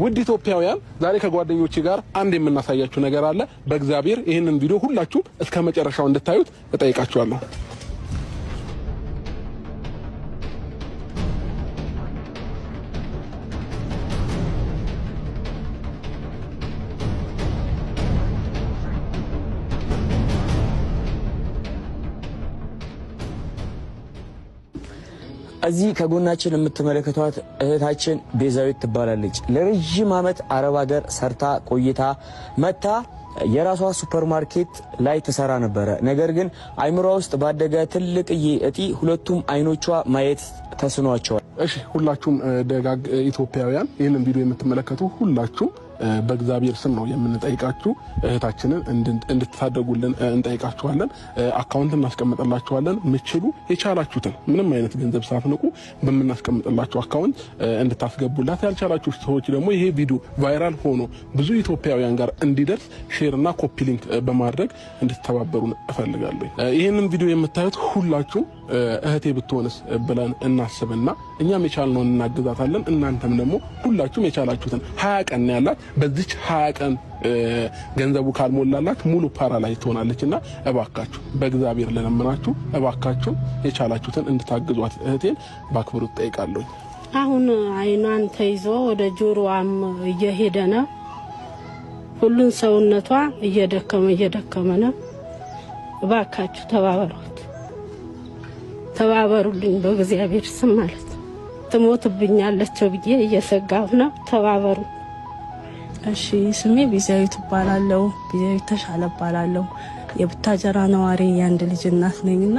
ውድ ኢትዮጵያውያን ዛሬ ከጓደኞቼ ጋር አንድ የምናሳያችሁ ነገር አለ። በእግዚአብሔር ይህንን ቪዲዮ ሁላችሁም እስከ መጨረሻው እንድታዩት እጠይቃችኋለሁ። እዚህ ከጎናችን የምትመለከቷት እህታችን ቤዛዊት ትባላለች። ለረዥም ዓመት አረብ ሀገር ሰርታ ቆይታ መታ የራሷ ሱፐር ማርኬት ላይ ትሰራ ነበረ። ነገር ግን አይምሯ ውስጥ ባደገ ትልቅዬ እጢ ሁለቱም አይኖቿ ማየት ተስኗቸዋል። እሺ ሁላችሁም ደጋግ ኢትዮጵያውያን ይህንን ቪዲዮ የምትመለከቱ ሁላችሁም በእግዚአብሔር ስም ነው የምንጠይቃችሁ። እህታችንን እንድትታደጉልን እንጠይቃችኋለን። አካውንት እናስቀምጥላችኋለን። ምችሉ የቻላችሁትን ምንም አይነት ገንዘብ ሳትንቁ በምናስቀምጥላችሁ አካውንት እንድታስገቡላት፣ ያልቻላችሁ ሰዎች ደግሞ ይሄ ቪዲዮ ቫይራል ሆኖ ብዙ ኢትዮጵያውያን ጋር እንዲደርስ ሼርና ኮፒ ሊንክ በማድረግ እንድትተባበሩን እፈልጋለሁ። ይህንን ቪዲዮ የምታዩት ሁላችሁም እህቴ ብትሆንስ ብለን እናስብና እኛም የቻልነውን እናግዛታለን። እናንተም ደግሞ ሁላችሁም የቻላችሁትን ሀያ ቀን ያላት በዚች ሀያ ቀን ገንዘቡ ካልሞላላት ሙሉ ላይ ትሆናለች እና እባካችሁ በእግዚአብሔር ልለምናችሁ፣ እባካችሁ የቻላችሁትን እንድታግዟት እህቴን በአክብሮት እጠይቃለሁ። አሁን አይኗን ተይዞ ወደ ጆሮዋም እየሄደ ነው። ሁሉን ሰውነቷ እየደከመ እየደከመ ነው። እባካችሁ ተባበሯት። ተባበሩልኝ በእግዚአብሔር ስም ማለት ነው። ትሞትብኛለቸው ብዬ እየሰጋሁ ነው። ተባበሩ። እሺ ስሜ ቢዛዊት እባላለሁ። ቢዛዊት ተሻለ እባላለሁ። የቡታጀራ ነዋሪ የአንድ ልጅ እናት ነኝና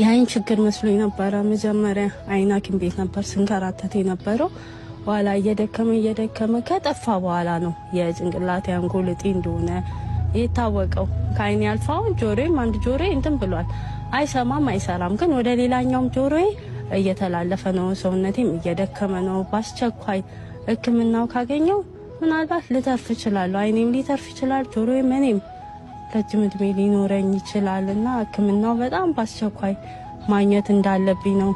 የአይን ችግር መስሎኝ ነበረ። መጀመሪያ አይን ሐኪም ቤት ነበር ስንከራተት የነበረው። በኋላ እየደከመ እየደከመ ከጠፋ በኋላ ነው የጭንቅላት አንጎል እጢ እንደሆነ የታወቀው። ከአይኔ አልፋ ጆሬም ጆሮዬም አንድ ጆሮዬ እንትን ብሏል። አይሰማም አይሰራም፣ ግን ወደ ሌላኛውም ጆሮዬ እየተላለፈ ነው። ሰውነቴም እየደከመ ነው። በአስቸኳይ ሕክምናው ካገኘው ምናልባት ልተርፍ ይችላሉ፣ አይኔም ሊተርፍ ይችላል። ጆሮዬም እኔም ረጅም እድሜ ሊኖረኝ ይችላል እና ሕክምናው በጣም በአስቸኳይ ማግኘት እንዳለብኝ ነው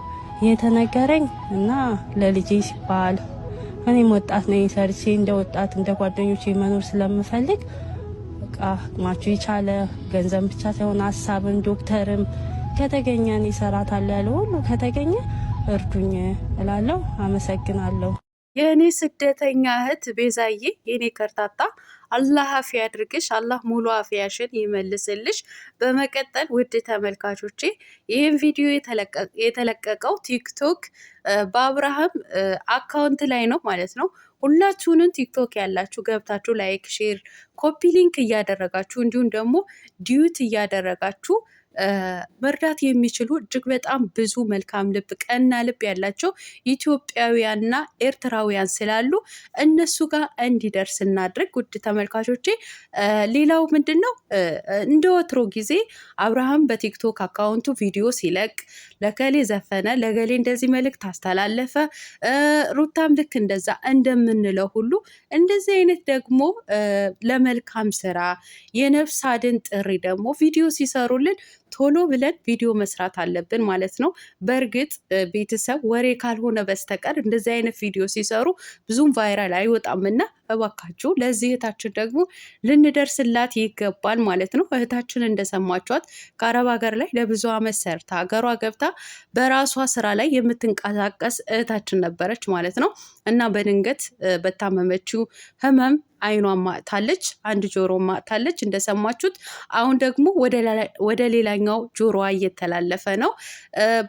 የተነገረኝ እና ለልጄ ሲባል እኔም ወጣት ነኝ ሰርቼ እንደ ወጣት እንደ ጓደኞቼ መኖር ስለምፈልግ በቃ አቅማችሁ የቻለ ገንዘብ ብቻ ሳይሆን ሀሳብም ዶክተርም ከተገኘ እኔ እሰራታለሁ ያለ ሁሉ ከተገኘ እርዱኝ እላለሁ። አመሰግናለሁ። የእኔ ስደተኛ እህት ቤዛዬ፣ የእኔ ከርታታ አላህ አፊ ያድርግሽ። አላህ ሙሉ አፊያሽን ይመልስልሽ። በመቀጠል ውድ ተመልካቾቼ ይህን ቪዲዮ የተለቀቀው ቲክቶክ በአብርሃም አካውንት ላይ ነው ማለት ነው። ሁላችሁንም ቲክቶክ ያላችሁ ገብታችሁ ላይክ፣ ሼር፣ ኮፒ ሊንክ እያደረጋችሁ እንዲሁም ደግሞ ዲዩት እያደረጋችሁ መርዳት የሚችሉ እጅግ በጣም ብዙ መልካም ልብ፣ ቀና ልብ ያላቸው ኢትዮጵያውያንና ኤርትራውያን ስላሉ እነሱ ጋር እንዲደርስ እናድርግ። ውድ ተመልካቾቼ፣ ሌላው ምንድን ነው እንደ ወትሮ ጊዜ አብርሃም በቲክቶክ አካውንቱ ቪዲዮ ሲለቅ ለከሌ ዘፈነ፣ ለገሌ እንደዚህ መልእክት አስተላለፈ፣ ሩታም ልክ እንደዛ እንደምንለው ሁሉ እንደዚህ አይነት ደግሞ ለመልካም ስራ የነፍስ አድን ጥሪ ደግሞ ቪዲዮ ሲሰሩልን ቶሎ ብለን ቪዲዮ መስራት አለብን ማለት ነው። በእርግጥ ቤተሰብ ወሬ ካልሆነ በስተቀር እንደዚህ አይነት ቪዲዮ ሲሰሩ ብዙም ቫይራል አይወጣምና እባካችሁ ለዚህ እህታችን ደግሞ ልንደርስላት ይገባል ማለት ነው። እህታችን እንደሰማችኋት ከአረብ ሀገር ላይ ለብዙ ዓመት ሰርታ ሀገሯ ገብታ በራሷ ስራ ላይ የምትንቀሳቀስ እህታችን ነበረች ማለት ነው እና በድንገት በታመመችው ህመም አይኗን ማጥታለች፣ አንድ ጆሮ ማጥታለች እንደሰማችሁት። አሁን ደግሞ ወደ ሌላኛው ጆሮዋ እየተላለፈ ነው።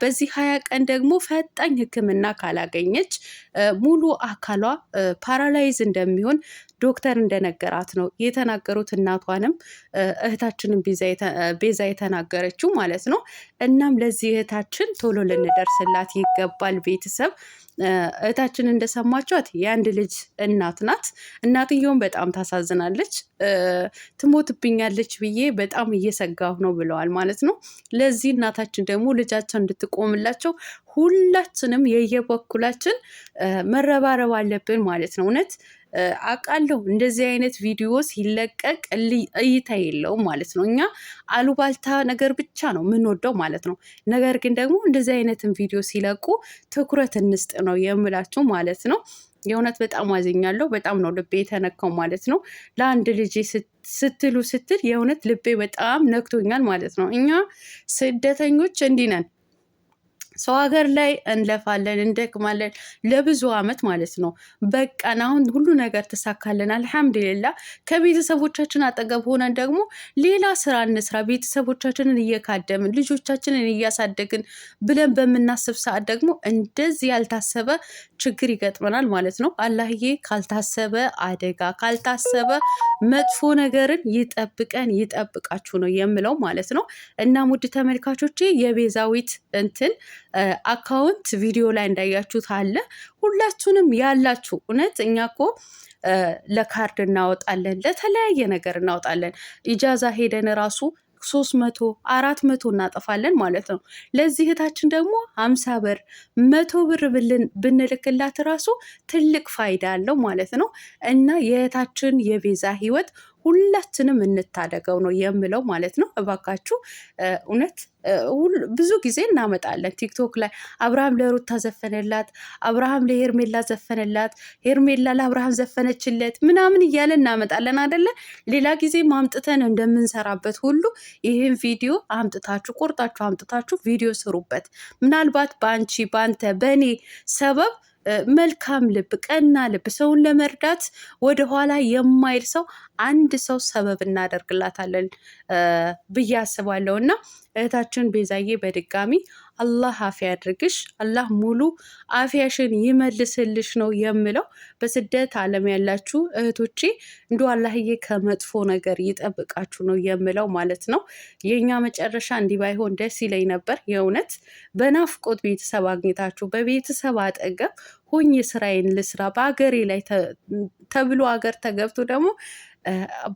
በዚህ ሀያ ቀን ደግሞ ፈጣኝ ሕክምና ካላገኘች ሙሉ አካሏ ፓራላይዝ እንደሚሆን እንደሚሆን ዶክተር እንደነገራት ነው የተናገሩት። እናቷንም እህታችንን ቤዛ የተናገረችው ማለት ነው። እናም ለዚህ እህታችን ቶሎ ልንደርስላት ይገባል። ቤተሰብ እህታችን እንደሰማችኋት የአንድ ልጅ እናት ናት። እናትየውም በጣም ታሳዝናለች። ትሞትብኛለች ብዬ በጣም እየሰጋሁ ነው ብለዋል ማለት ነው። ለዚህ እናታችን ደግሞ ልጃቸው እንድትቆምላቸው ሁላችንም የየበኩላችን መረባረብ አለብን ማለት ነው እውነት አውቃለሁ። እንደዚህ አይነት ቪዲዮ ሲለቀቅ እይታ የለውም ማለት ነው። እኛ አሉባልታ ነገር ብቻ ነው የምንወደው ማለት ነው። ነገር ግን ደግሞ እንደዚህ አይነትን ቪዲዮ ሲለቁ ትኩረት እንስጥ ነው የምላችሁ ማለት ነው። የእውነት በጣም አዝኛለሁ። በጣም ነው ልቤ የተነካው ማለት ነው። ለአንድ ልጅ ስትሉ ስትል የእውነት ልቤ በጣም ነክቶኛል ማለት ነው። እኛ ስደተኞች እንዲህ ነን። ሰው ሀገር ላይ እንለፋለን፣ እንደክማለን ለብዙ አመት ማለት ነው። በቀን አሁን ሁሉ ነገር ተሳካልን፣ አልሐምዱሊላ። ከቤተሰቦቻችን አጠገብ ሆነን ደግሞ ሌላ ስራ እንስራ፣ ቤተሰቦቻችንን እየካደምን ልጆቻችንን እያሳደግን ብለን በምናስብ ሰዓት ደግሞ እንደዚህ ያልታሰበ ችግር ይገጥመናል ማለት ነው። አላህዬ ካልታሰበ አደጋ ካልታሰበ መጥፎ ነገርን ይጠብቀን ይጠብቃችሁ ነው የምለው ማለት ነው። እና ውድ ተመልካቾቼ የቤዛዊት እንትን አካውንት ቪዲዮ ላይ እንዳያችሁት አለ። ሁላችሁንም ያላችሁ እውነት እኛ እኮ ለካርድ እናወጣለን፣ ለተለያየ ነገር እናወጣለን። ኢጃዛ ሄደን ራሱ ሶስት መቶ አራት መቶ እናጠፋለን ማለት ነው። ለዚህ እህታችን ደግሞ ሀምሳ ብር መቶ ብር ብንልክላት ራሱ ትልቅ ፋይዳ አለው ማለት ነው እና የእህታችን የቤዛ ህይወት ሁላችንም እንታደገው ነው የምለው ማለት ነው። እባካችሁ እውነት ብዙ ጊዜ እናመጣለን ቲክቶክ ላይ አብርሃም ለሩታ ዘፈነላት፣ አብርሃም ለሄርሜላ ዘፈነላት፣ ሄርሜላ ለአብርሃም ዘፈነችለት ምናምን እያለ እናመጣለን አደለ? ሌላ ጊዜ ማምጥተን እንደምንሰራበት ሁሉ ይህን ቪዲዮ አምጥታችሁ ቆርጣችሁ አምጥታችሁ ቪዲዮ ስሩበት። ምናልባት በአንቺ በአንተ በእኔ ሰበብ መልካም ልብ፣ ቀና ልብ፣ ሰውን ለመርዳት ወደኋላ የማይል ሰው አንድ ሰው ሰበብ እናደርግላታለን ብዬ አስባለሁ እና እህታችን ቤዛዬ በድጋሚ አላህ አፊያ ያድርግሽ፣ አላህ ሙሉ አፊያሽን ይመልስልሽ ነው የምለው። በስደት ዓለም ያላችሁ እህቶቼ እንዶ አላህዬ ከመጥፎ ነገር ይጠብቃችሁ ነው የምለው ማለት ነው። የእኛ መጨረሻ እንዲህ ባይሆን ደስ ይለኝ ነበር የእውነት በናፍቆት ቤተሰብ አግኝታችሁ በቤተሰብ አጠገብ ሆኜ ስራዬን ልስራ በሀገሬ ላይ ተብሎ ሀገር ተገብቶ ደግሞ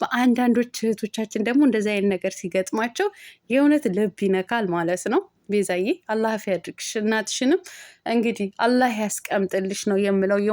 በአንዳንዶች እህቶቻችን ደግሞ እንደዚ አይነት ነገር ሲገጥማቸው የእውነት ልብ ይነካል ማለት ነው። ቤዛዬ አላህ ፊ ያድርግሽ። እናትሽንም እንግዲህ አላህ ያስቀምጥልሽ ነው የምለው።